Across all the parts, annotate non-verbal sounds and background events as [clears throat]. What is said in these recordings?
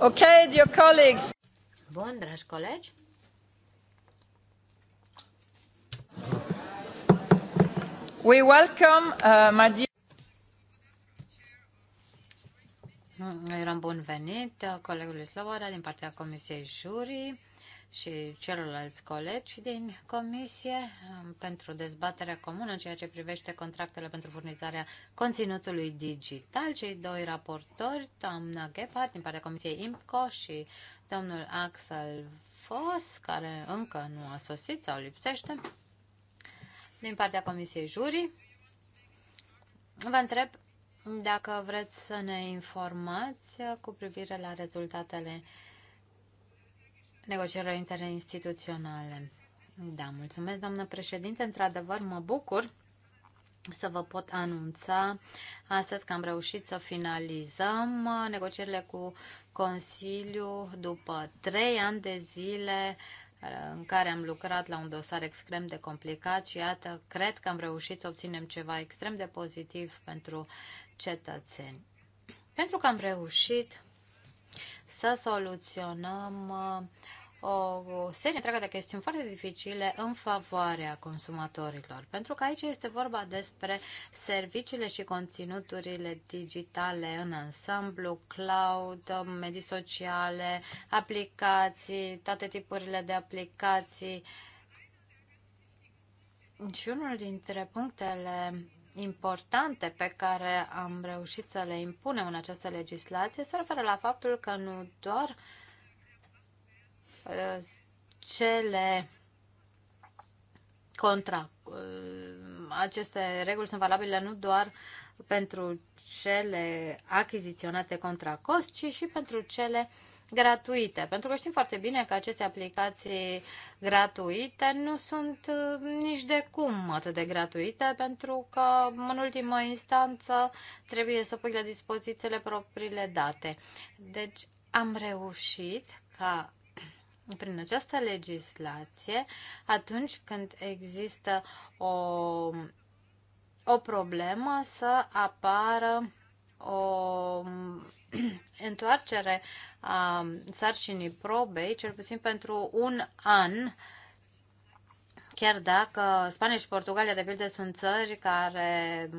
Ok, dear colleagues. Bun, dragi colegi. We welcome, uh, my dear... Mm, eram bun venit uh, colegului Sloboda din partea Comisiei Jurii și celorlalți colegi din Comisie um, pentru dezbaterea comună în ceea ce privește contractele pentru furnizarea conținutului digital. Cei doi raportori, doamna Gephardt din partea Comisiei IMCO și domnul Axel Foss, care încă nu a sosit sau lipsește, din partea Comisiei Jurii. Vă întreb dacă vreți să ne informați cu privire la rezultatele uh, Negocierile interinstituționale. Da, mulțumesc, doamnă președinte. Într-adevăr, mă bucur să vă pot anunța astăzi că am reușit să finalizăm negocierile cu Consiliu după trei ani de zile uh, în care am lucrat la un dosar extrem de complicat și iată, cred că am reușit să obținem ceva extrem de pozitiv pentru cetățeni. Pentru că am reușit să soluționăm uh, o serie întreagă de chestiuni foarte dificile în favoarea consumatorilor. Pentru că aici este vorba despre serviciile și conținuturile digitale în ansamblu, cloud, medii sociale, aplicații, toate tipurile de aplicații. Și unul dintre punctele importante pe care am reușit să le impunem în această legislație se referă la faptul că nu doar uh, cele contra uh, aceste reguli sunt valabile nu doar pentru cele achiziționate contra cost, ci și pentru cele uh, gratuite, pentru că știm foarte bine că aceste aplicații gratuite nu sunt uh, nici de cum atât de gratuite, pentru că în ultimă instanță trebuie să pui la dispozițiile propriile date. Deci am reușit ca [clears throat] prin această legislație, atunci când există o, o problemă, să apară o [clears throat] întoarcere a sarcinii probei, cel puțin pentru un an, chiar dacă Spania și Portugalia, de pildă, sunt țări care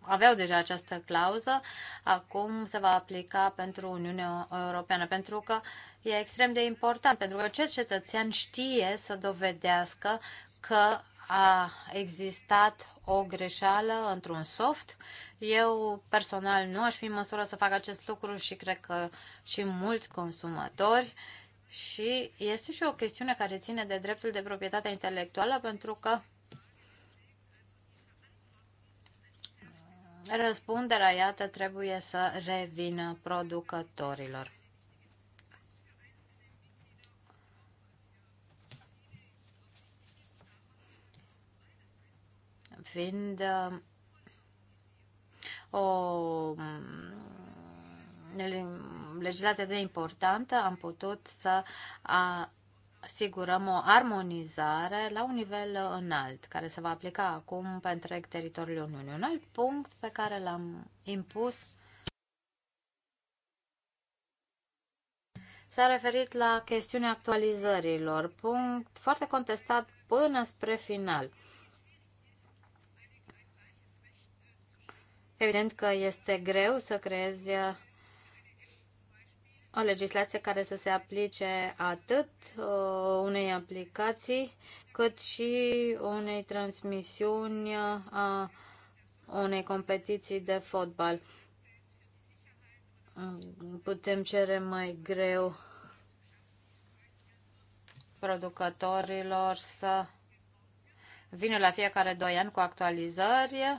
aveau deja această clauză, acum se va aplica pentru Uniunea Europeană, pentru că e extrem de important, pentru că acest cetățean știe să dovedească că a existat o greșeală într-un soft. Eu personal nu aș fi în măsură să fac acest lucru și cred că și mulți consumatori. Și este și o chestiune care ține de dreptul de proprietate intelectuală pentru că răspunderea, iată, trebuie să revină producătorilor. fiind um, o legislație de importantă, am putut să asigurăm o armonizare la un nivel înalt, care se va aplica acum pe întreg teritoriul Uniunii. Un alt punct pe care l-am impus s-a referit la chestiunea actualizărilor, punct foarte contestat până spre final. Evident că este greu să creezi uh, o legislație care să se aplice atât uh, unei aplicații, cât și unei transmisiuni uh, a unei competiții de fotbal. Putem cere mai greu producătorilor să vină la fiecare doi ani cu actualizări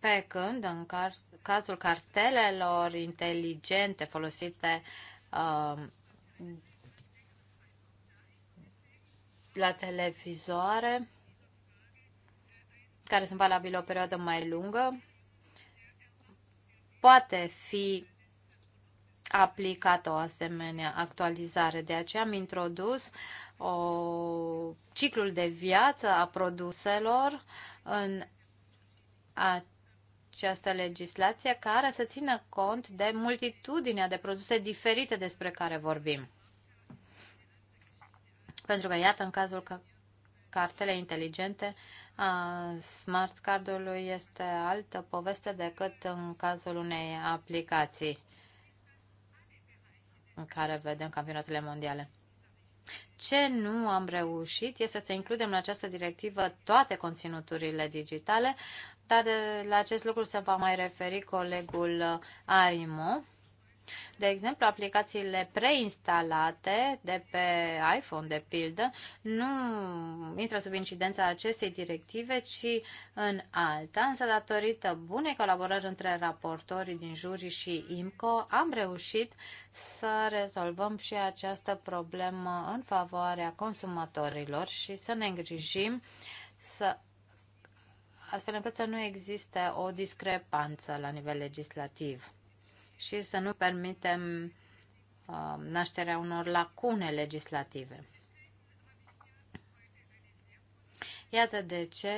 pe când, în car- cazul cartelelor inteligente folosite uh, la televizoare, care sunt valabile o perioadă mai lungă, poate fi aplicată o asemenea actualizare. De aceea am introdus o, ciclul de viață a produselor în a această legislație care să țină cont de multitudinea de produse diferite despre care vorbim. Pentru că, iată, în cazul că cartele inteligente, a smart cardului este altă poveste decât în cazul unei aplicații în care vedem campionatele mondiale. Ce nu am reușit este să includem în această directivă toate conținuturile digitale, dar eh, la acest lucru se va mai referi colegul eh, Arimo. De exemplu, aplicațiile preinstalate de pe iPhone, de pildă, nu intră sub incidența acestei directive, ci în alta, însă datorită bunei colaborări între raportorii din juri și IMCO, am reușit să rezolvăm și această problemă în favoarea consumatorilor și să ne îngrijim să astfel încât să nu existe o discrepanță la nivel legislativ și să nu permitem uh, nașterea unor lacune legislative. Iată de ce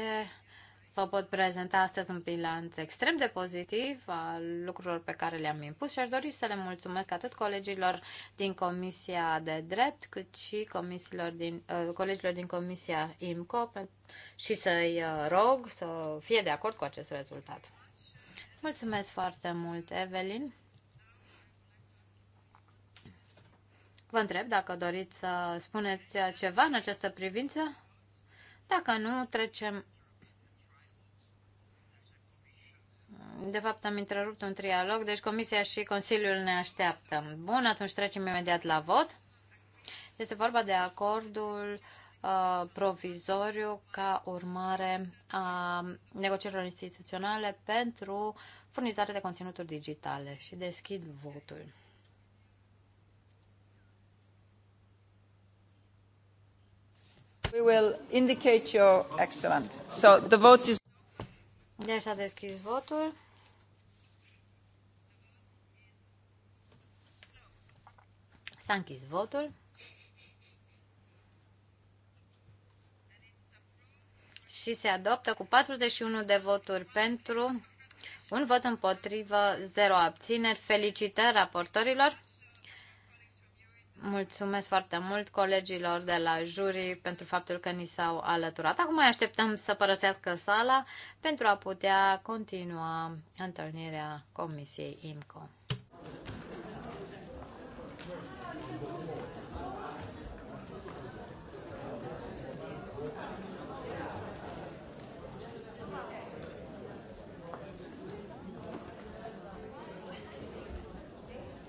vă pot prezenta astăzi un bilanț extrem de pozitiv al lucrurilor pe care le-am impus și aș dori să le mulțumesc atât colegilor din Comisia de Drept, cât și comisilor din, uh, colegilor din Comisia IMCO și să-i uh, rog să fie de acord cu acest rezultat. Mulțumesc foarte mult, Evelyn. Vă întreb dacă doriți să spuneți ceva în această privință. Dacă nu, trecem. De fapt, am întrerupt un trialog, deci Comisia și Consiliul ne așteaptă. Bun, atunci trecem imediat la vot. Este vorba de acordul uh, provizoriu ca urmare a negocierilor instituționale pentru furnizarea de conținuturi digitale și deschid votul. We will indicate your excellent. So the vote is... Deci a deschis votul. S-a închis votul. Și se adoptă cu 41 de voturi pentru, un vot împotrivă, 0 abțineri. Felicitări raportorilor! Mulțumesc foarte mult colegilor de la jury pentru faptul că ni s-au alăturat. Acum mai așteptăm să părăsească sala pentru a putea continua întâlnirea Comisiei IMCO.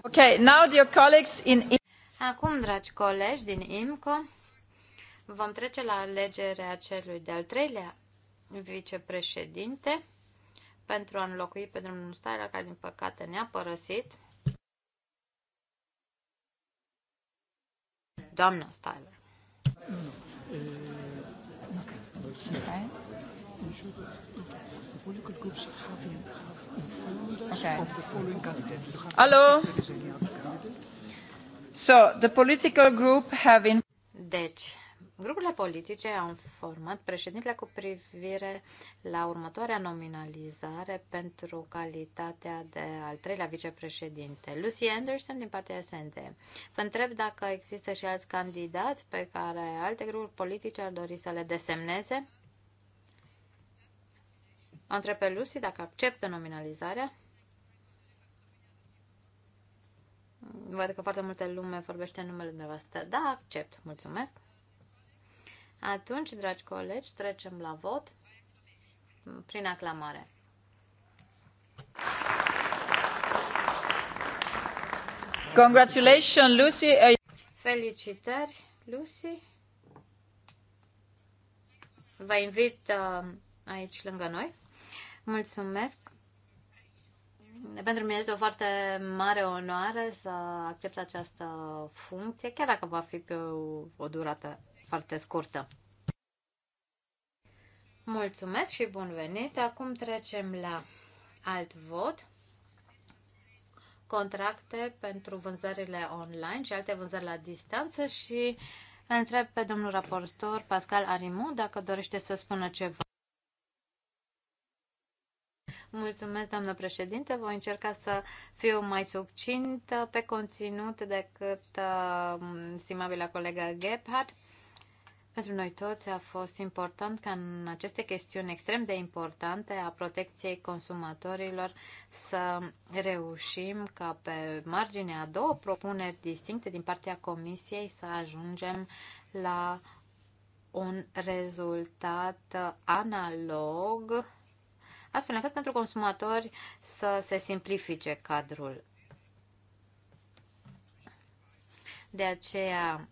Okay, now dear colleagues in Acum, dragi colegi din IMCO, vom trece la alegerea celui de-al treilea vicepreședinte pentru a înlocui pe domnul Stailer, care din păcate ne-a părăsit. Doamna Stailer. Okay. Alo! So, the political group have in... Deci, grupurile politice au format președintele cu privire la următoarea nominalizare pentru calitatea de al treilea vicepreședinte, Lucy Anderson din partea SND. Vă întreb dacă există și alți candidați pe care alte grupuri politice ar dori să le desemneze? O întreb pe Lucy dacă acceptă nominalizarea. Văd că foarte multe lume vorbește în numele dumneavoastră. Da, accept. Mulțumesc. Atunci, dragi colegi, trecem la vot prin aclamare. Congratulations, Lucy! Felicitări, Lucy! Vă invit uh, aici lângă noi. Mulțumesc! pentru mine este o foarte mare onoare să accept această funcție, chiar dacă va fi pe o durată foarte scurtă. Mulțumesc și bun venit! Acum trecem la alt vot. Contracte pentru vânzările online și alte vânzări la distanță și întreb pe domnul raportor Pascal Arimu dacă dorește să spună ceva. Mulțumesc, doamnă președinte. Voi încerca să fiu mai succintă pe conținut decât uh, stimabila colegă Gebhardt. Pentru noi toți a fost important ca în aceste chestiuni extrem de importante a protecției consumatorilor să reușim ca pe marginea a două propuneri distincte din partea Comisiei să ajungem la un rezultat analog astfel încât pentru consumatori să se simplifice cadrul. De aceea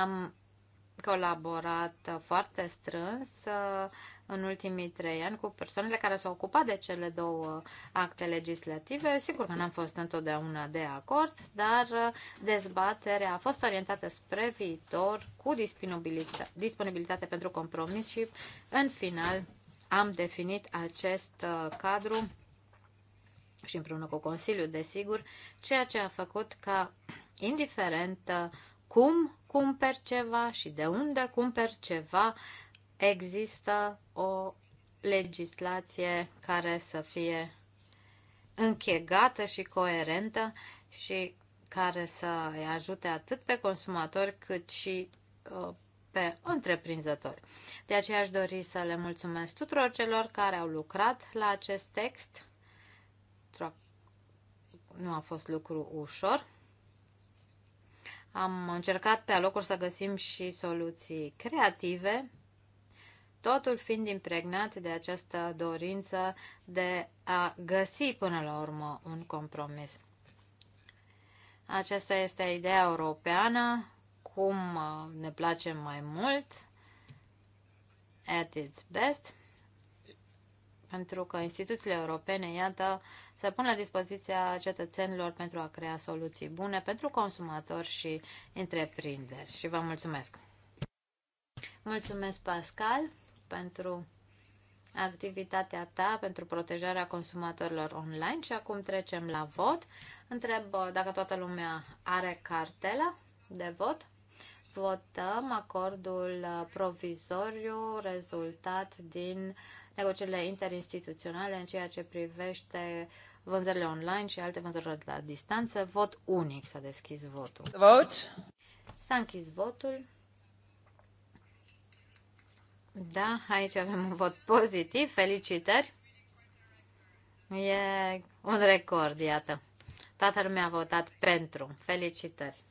am colaborat foarte strâns uh, în ultimii trei ani cu persoanele care s-au ocupat de cele două acte legislative. Sigur că n-am fost întotdeauna de acord, dar uh, dezbaterea a fost orientată spre viitor cu disponibilitate, pentru compromis și, în final, am definit acest uh, cadru și împreună cu Consiliul, desigur, ceea ce a făcut ca, indiferent uh, cum cumperi ceva și de unde cumperi ceva, există o legislație care să fie închegată și coerentă și care să îi ajute atât pe consumatori cât și uh, pe întreprinzători. De aceea aș dori să le mulțumesc tuturor celor care au lucrat la acest text. Nu a fost lucru ușor. Am încercat pe alocuri să găsim și soluții creative, totul fiind impregnat de această dorință de a găsi până la urmă un compromis. Aceasta este ideea europeană cum uh, ne place mai mult, at its best, pentru că instituțiile europene, iată, se pun la dispoziția cetățenilor pentru a crea soluții bune pentru consumatori și întreprinderi. Și vă mulțumesc! Mulțumesc, Pascal, pentru activitatea ta pentru protejarea consumatorilor online și acum trecem la vot. Întreb uh, dacă toată lumea are cartela de vot. Votăm acordul provizoriu rezultat din negocierile interinstituționale în ceea ce privește vânzările online și alte vânzări la distanță. Vot unic s-a deschis votul. Vot. S-a închis votul. Da, aici avem un vot pozitiv. Felicitări! E un record, iată. Toată lumea a votat pentru. Felicitări!